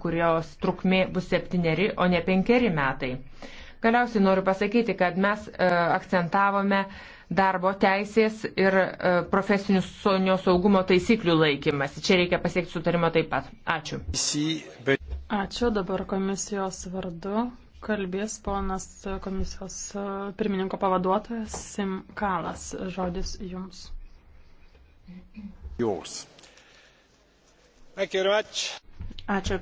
kurios trukmė bus septyneri, o ne penkeri metai. Galiausiai noriu pasakyti, kad mes e, akcentavome darbo teisės ir e, profesinių sonio saugumo taisyklių laikymasi. Čia reikia pasiekti sutarimo taip pat. Ačiū. Ačiū dabar komisijos vardu. Kalbės ponas komisijos e, pirmininko pavaduotojas Simkalas. Žodis jums. Jūs. Ačiū.